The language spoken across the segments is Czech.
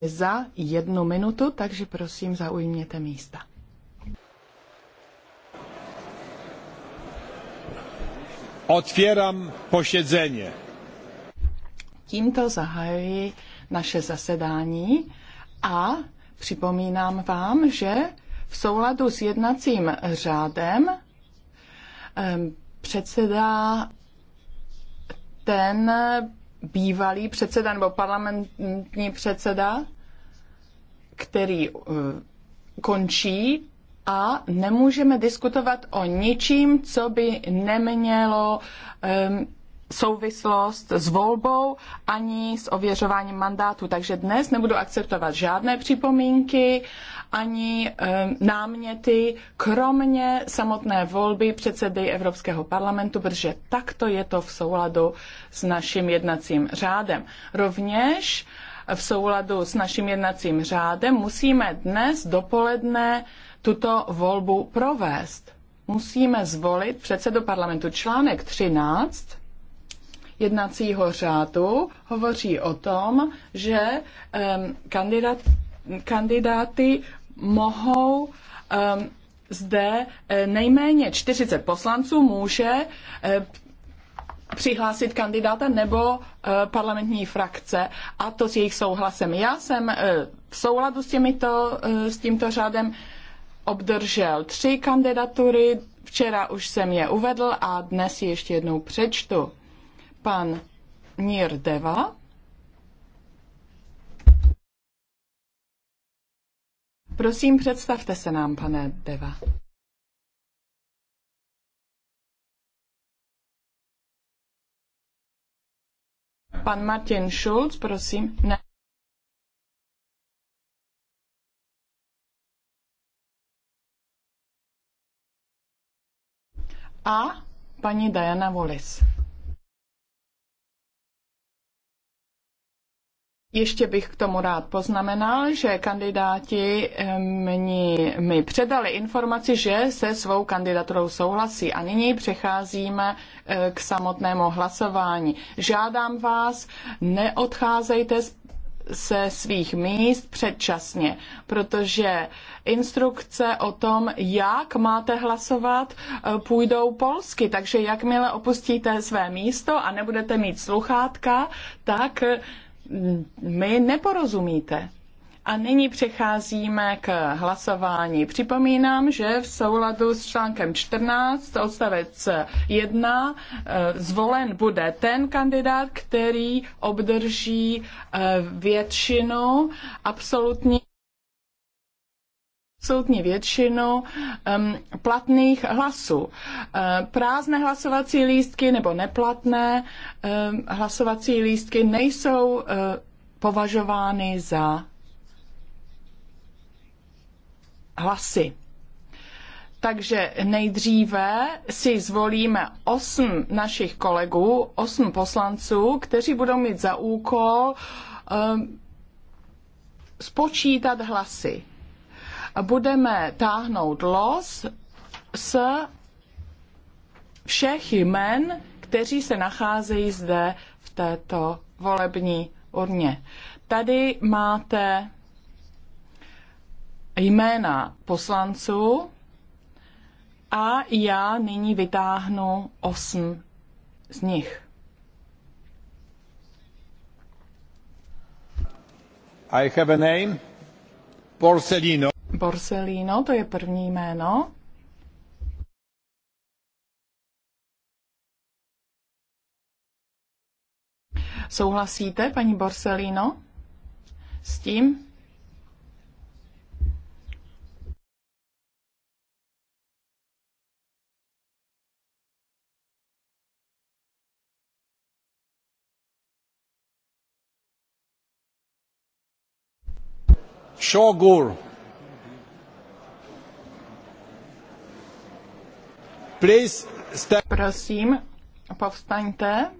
za jednu minutu, takže prosím zaujměte místa. Otvírám pošedzeně. Tímto zahajuji naše zasedání a připomínám vám, že v souladu s jednacím řádem předsedá ten bývalý předseda nebo parlamentní předseda, který eh, končí a nemůžeme diskutovat o ničím, co by nemělo um, souvislost s volbou ani s ověřováním mandátu. Takže dnes nebudu akceptovat žádné připomínky ani e, náměty, kromě samotné volby předsedy Evropského parlamentu, protože takto je to v souladu s naším jednacím řádem. Rovněž v souladu s naším jednacím řádem musíme dnes dopoledne tuto volbu provést. Musíme zvolit předsedu parlamentu článek 13 jednacího řádu hovoří o tom, že um, kandidat, kandidáty mohou um, zde e, nejméně 40 poslanců může e, přihlásit kandidáta nebo e, parlamentní frakce a to s jejich souhlasem. Já jsem v souladu s, těmito, s tímto řádem obdržel tři kandidatury, včera už jsem je uvedl a dnes ještě jednou přečtu pan Nierdeva, Prosím, představte se nám, pane Deva. Pan Martin Schulz, prosím. Ne. A paní Diana Wallis. Ještě bych k tomu rád poznamenal, že kandidáti mi, mi předali informaci, že se svou kandidaturou souhlasí. A nyní přecházíme e, k samotnému hlasování. Žádám vás, neodcházejte z se svých míst předčasně, protože instrukce o tom, jak máte hlasovat, e, půjdou polsky. Takže jakmile opustíte své místo a nebudete mít sluchátka, tak my neporozumíte. A nyní přecházíme k hlasování. Připomínám, že v souladu s článkem 14 odstavec 1 eh, zvolen bude ten kandidát, který obdrží eh, většinu absolutní absolutní většinu um, platných hlasů. E, prázdné hlasovací lístky nebo neplatné e, hlasovací lístky nejsou e, považovány za hlasy. Takže nejdříve si zvolíme osm našich kolegů, osm poslanců, kteří budou mít za úkol um, spočítat hlasy budeme táhnout los s všech jmen, kteří se nacházejí zde v této volební urně. Tady máte jména poslanců a já nyní vytáhnu osm z nich. I have a name, Porcelino. Borsellino, to je první jméno. Souhlasíte, paní Borsellino, s tím? Shogur. Prosím, povstaňte.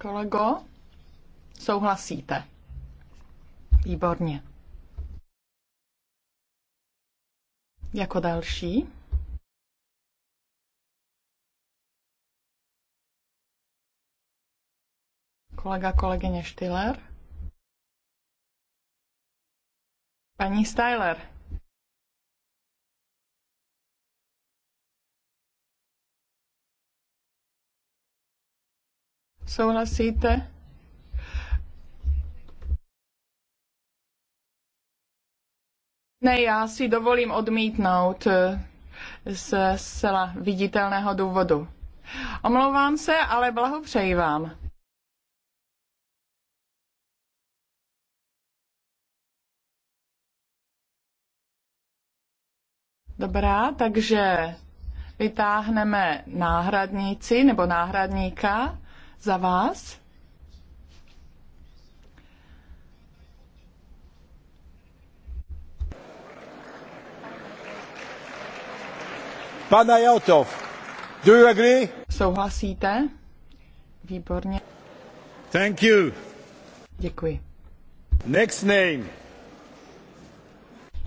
Kolego, souhlasíte? Výborně. Jako další. Kolega, kolegyně Štyler. Paní Styler. Souhlasíte? Ne, já si dovolím odmítnout eh, z zcela viditelného důvodu. Omlouvám se, ale blahopřeji vám. Dobrá, takže vytáhneme náhradníci nebo náhradníka za vás. Pana Jotov, do you agree? Souhlasíte? Výborně. Thank you. Děkuji. Next name.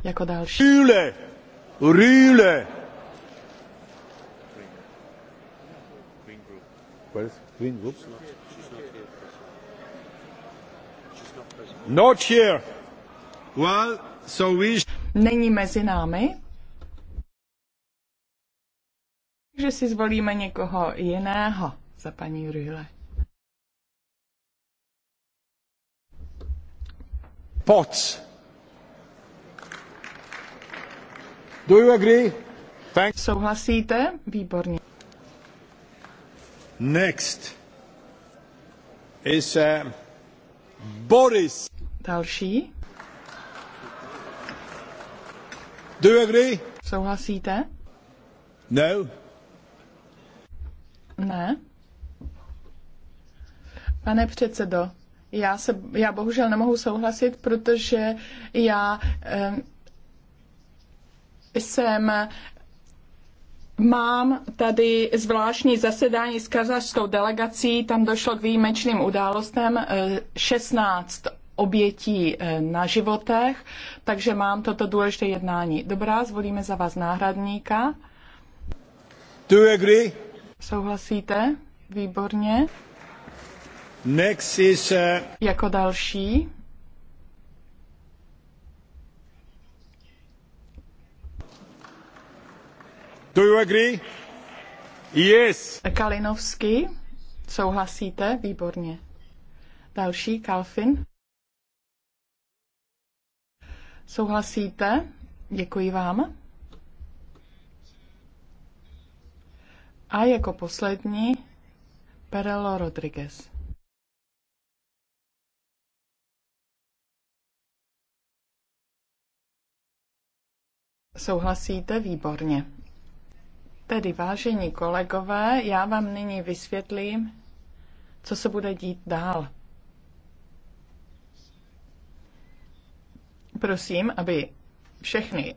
Jako další. Rühle. Rühle. Where is Green Group. Not here. Well, so we... Není mezi námi. Takže si zvolíme někoho jiného za paní Rühle. Potts. Do you agree? Thanks. Souhlasíte? Výborně. Next is uh, Boris. Další. Do you agree? Souhlasíte? No. Ne. Pane předsedo, já, se, já bohužel nemohu souhlasit, protože já eh, jsem Mám tady zvláštní zasedání s kazařskou delegací, tam došlo k výjimečným událostem, 16 eh, obětí eh, na životech, takže mám toto důležité jednání. Dobrá, zvolíme za vás náhradníka. Do you agree? Souhlasíte? Výborně. Next is, uh... Jako další Do you agree? Yes. Kalinovský, souhlasíte? Výborně. Další, Kalfin. Souhlasíte? Děkuji vám. A jako poslední, Perelo Rodriguez. Souhlasíte? Výborně. Tedy, vážení kolegové, já vám nyní vysvětlím, co se bude dít dál. Prosím, aby všechny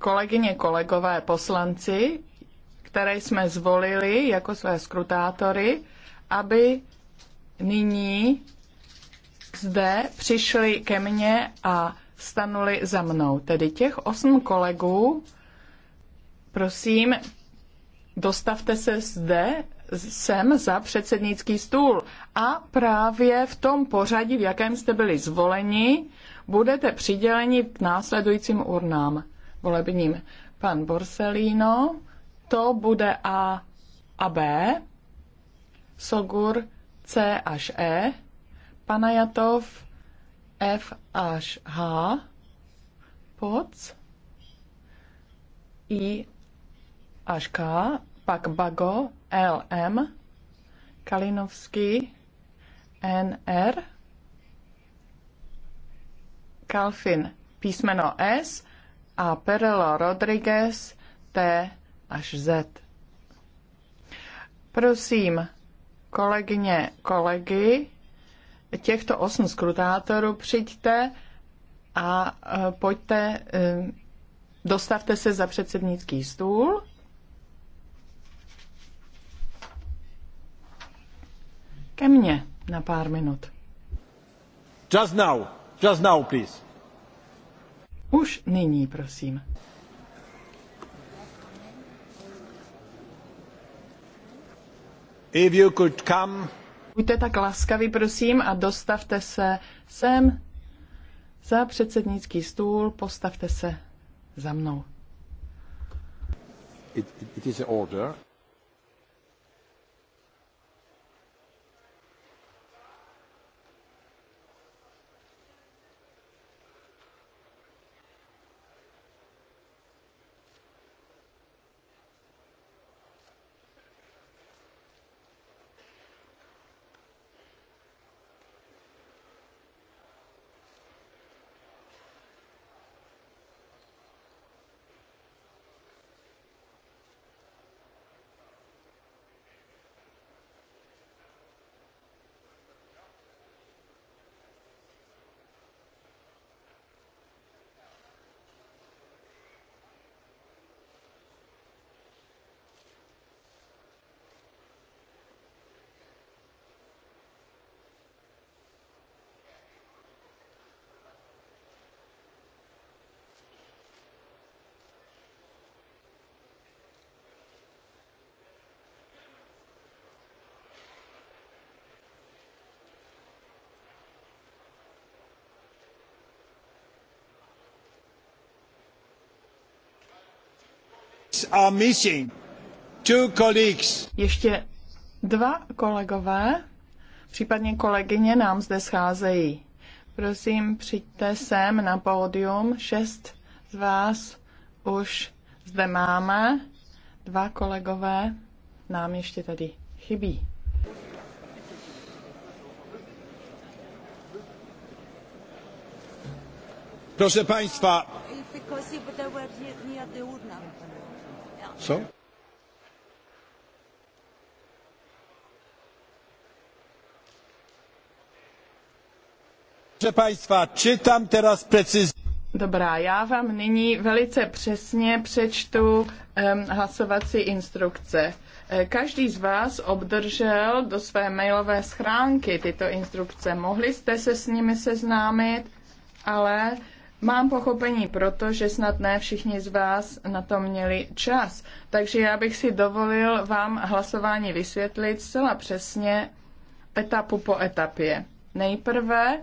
kolegyně, kolegové, poslanci, které jsme zvolili jako své skrutátory, aby nyní zde přišli ke mně a stanuli za mnou. Tedy těch osm kolegů, Prosím, dostavte se zde sem za předsednický stůl a právě v tom pořadí, v jakém jste byli zvoleni, budete přiděleni k následujícím urnám volebním. Pan Borsellino, to bude A a B, Sogur C až E, Panajatov F až H, Poc I až K, pak Bago LM, Kalinovský NR, Kalfin písmeno S a Perelo Rodriguez T až Z. Prosím, kolegyně, kolegy, těchto osm skrutátorů přijďte a e, pojďte, e, dostavte se za předsednický stůl. ke mně na pár minut. Just now. Just now, please. Už nyní, prosím. If you could come. Buďte tak laskaví, prosím, a dostavte se sem za předsednický stůl, postavte se za mnou. It, it, it is order. colleagues are missing. Two colleagues. Ještě dva kolegové, případně kolegyně nám zde scházejí. Prosím, přijďte sem na pódium. Šest z vás už zde máme. Dva kolegové nám ještě tady chybí. Proszę Państwa, co? Proszę Państwa, czytam teraz precyzję. Dobrá, já vám nyní velice přesně přečtu um, hlasovací instrukce. E, každý z vás obdržel do své mailové schránky tyto instrukce. Mohli jste se s nimi seznámit, ale Mám pochopení proto, že snad ne všichni z vás na to měli čas, takže já bych si dovolil vám hlasování vysvětlit zcela přesně etapu po etapě. Nejprve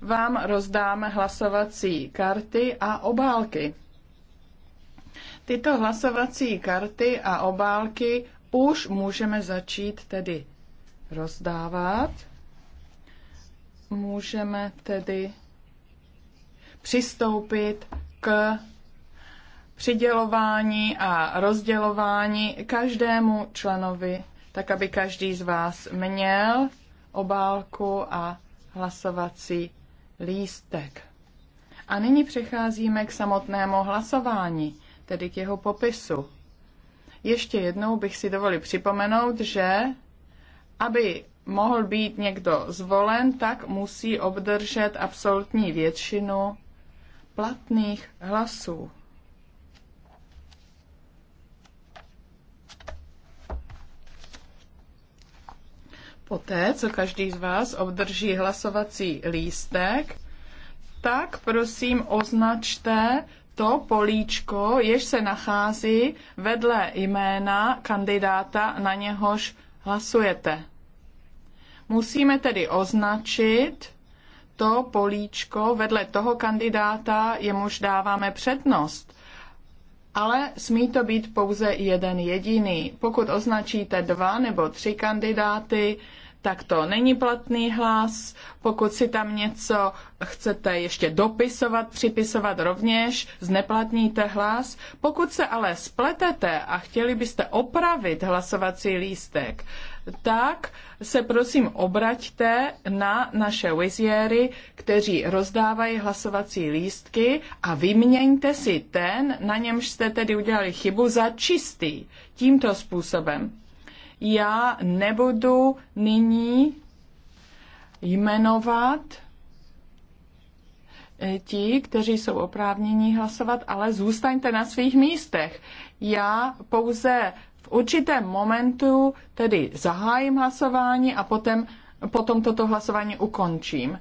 vám rozdáme hlasovací karty a obálky. Tyto hlasovací karty a obálky už můžeme začít tedy rozdávat. Můžeme tedy přistoupit k přidělování a rozdělování každému členovi, tak aby každý z vás měl obálku a hlasovací lístek. A nyní přecházíme k samotnému hlasování, tedy k jeho popisu. Ještě jednou bych si dovolil připomenout, že aby mohl být někdo zvolen, tak musí obdržet absolutní většinu platných hlasů. Poté, co každý z vás obdrží hlasovací lístek, tak prosím označte to políčko, jež se nachází vedle jména kandidáta, na něhož hlasujete. Musíme tedy označit to políčko vedle toho kandidáta, jemuž dáváme přednost. Ale smí to být pouze jeden jediný. Pokud označíte dva nebo tři kandidáty, tak to není platný hlas. Pokud si tam něco chcete ještě dopisovat, připisovat rovněž, zneplatníte hlas. Pokud se ale spletete a chtěli byste opravit hlasovací lístek, tak se prosím obraťte na naše viziery, kteří rozdávají hlasovací lístky a vyměňte si ten, na němž jste tedy udělali chybu, za čistý tímto způsobem. Já nebudu nyní jmenovat eh, ti, kteří jsou oprávnění hlasovat, ale zůstaňte na svých místech. Já pouze určitém momentu tedy zahájím hlasování a potom, potom toto hlasování ukončím.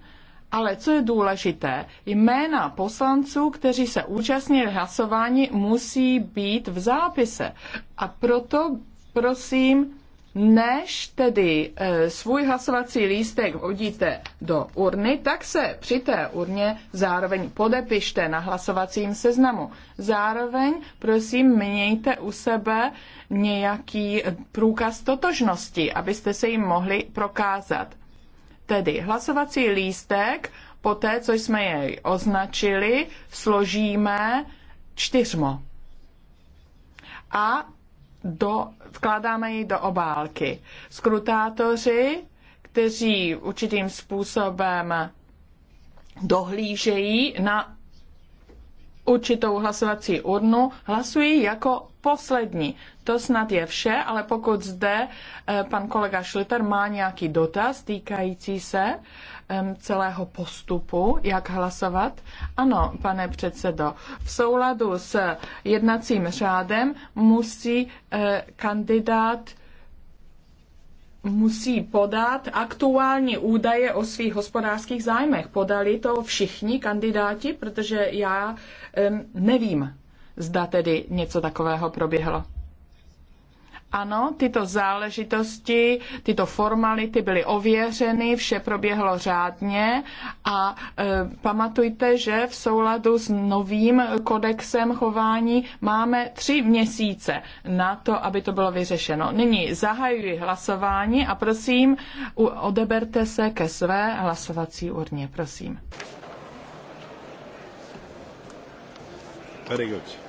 Ale co je důležité, jména poslanců, kteří se účastnili hlasování, musí být v zápise. A proto prosím, než tedy e, svůj hlasovací lístek hodíte do urny, tak se při té urně zároveň podepište na hlasovacím seznamu. Zároveň, prosím, mějte u sebe nějaký průkaz totožnosti, abyste se jim mohli prokázat. Tedy hlasovací lístek, po té, co jsme jej označili, složíme čtyřmo. A do, vkládáme ji do obálky. Skrutátoři, kteří určitým způsobem dohlížejí na určitou hlasovací urnu, hlasují jako poslední. To snad je vše, ale pokud zde eh, pan kolega Šliter má nějaký dotaz týkající se celého postupu, jak hlasovat. Ano, pane předsedo, v souladu s jednacím řádem musí eh, kandidát musí podat aktuální údaje o svých hospodářských zájmech. Podali to všichni kandidáti, protože já nevím zda tedy něco takového proběhlo. Ano, tyto záležitosti, tyto formality byly ověřeny, vše proběhlo řádně a e, pamatujte, že v souladu s novým kodexem chování máme tři měsíce na to, aby to bylo vyřešeno. Nyní zahajuji hlasování a prosím, odeberte se ke své hlasovací urně, prosím. Very good.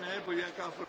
Ne, eh? Vogliamo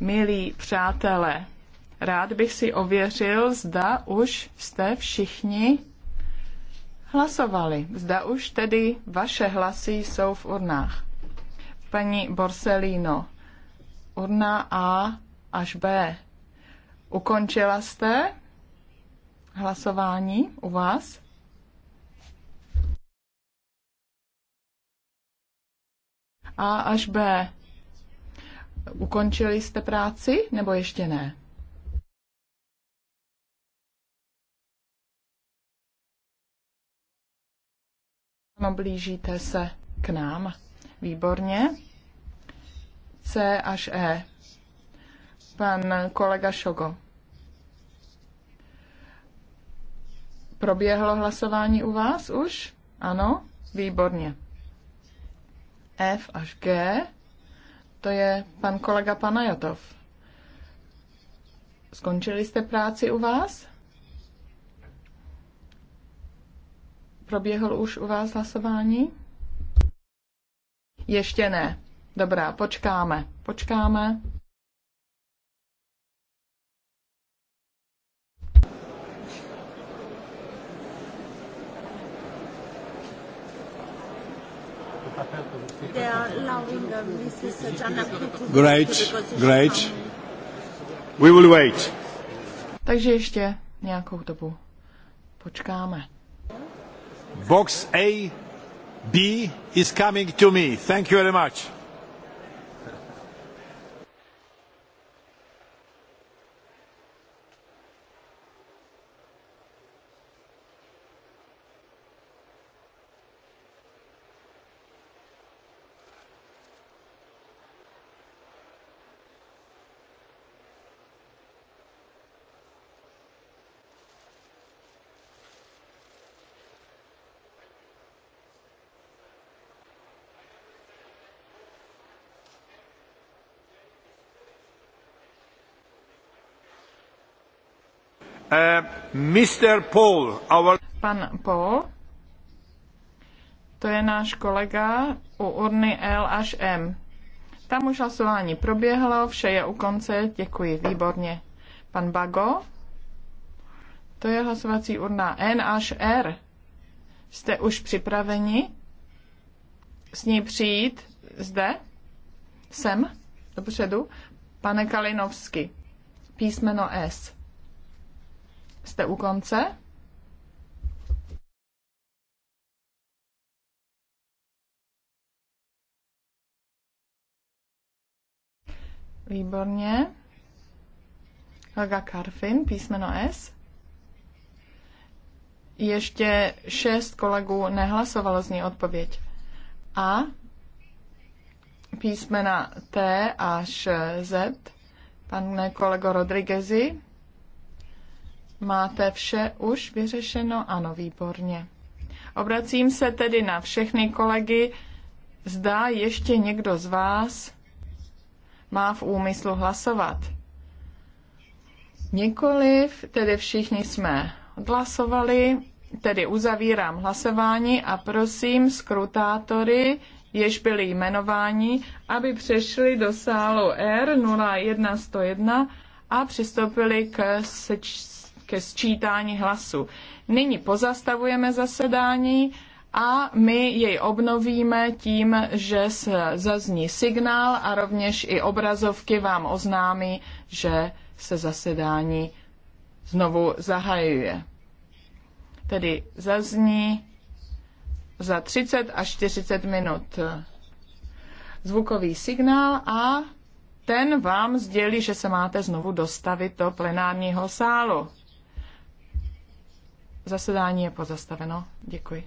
Milí přátelé, rád bych si ověřil, zda už jste všichni hlasovali. Zda už tedy vaše hlasy jsou v urnách. Paní Borsellino, urna A až B. Ukončila jste hlasování u vás? A až B. Ukončili jste práci nebo ještě ne? No blížíte se k nám. Výborně. C až E. Pan kolega Šogo. Proběhlo hlasování u vás už? Ano? Výborně. F až G, to je pan kolega Panajotov. Skončili jste práci u vás? Proběhl už u vás hlasování? Ještě ne. Dobrá, počkáme. Počkáme. papel they are allowing uh, Mrs. Jana Great, great. We will wait. Takže ještě nějakou dobu počkáme. Box A B is coming to me. Thank you very much. Pan Paul, to je náš kolega u urny L až M. Tam už hlasování proběhlo, vše je u konce, děkuji, výborně. Pan Bago, to je hlasovací urna N až R. Jste už připraveni s ní přijít zde, sem, dopředu? Pane Kalinovsky, písmeno S. Jste u konce? Výborně. Helga Karfin, písmeno S. Ještě šest kolegů nehlasovalo z ní odpověď. A písmena T až Z, pane kolego Rodriguezi, Máte vše už vyřešeno? Ano, výborně. Obracím se tedy na všechny kolegy. Zdá ještě někdo z vás má v úmyslu hlasovat. Nikoliv, tedy všichni jsme odhlasovali, tedy uzavírám hlasování a prosím skrutátory, jež byli jmenováni, aby přešli do sálu R01101 a přistoupili k seč ke sčítání hlasu. Nyní pozastavujeme zasedání a my jej obnovíme tím, že zazní signál a rovněž i obrazovky vám oznámí, že se zasedání znovu zahajuje. Tedy zazní za 30 až 40 minut zvukový signál a ten vám sdělí, že se máte znovu dostavit do plenárního sálu. Zasedání je pozastaveno. Děkuji.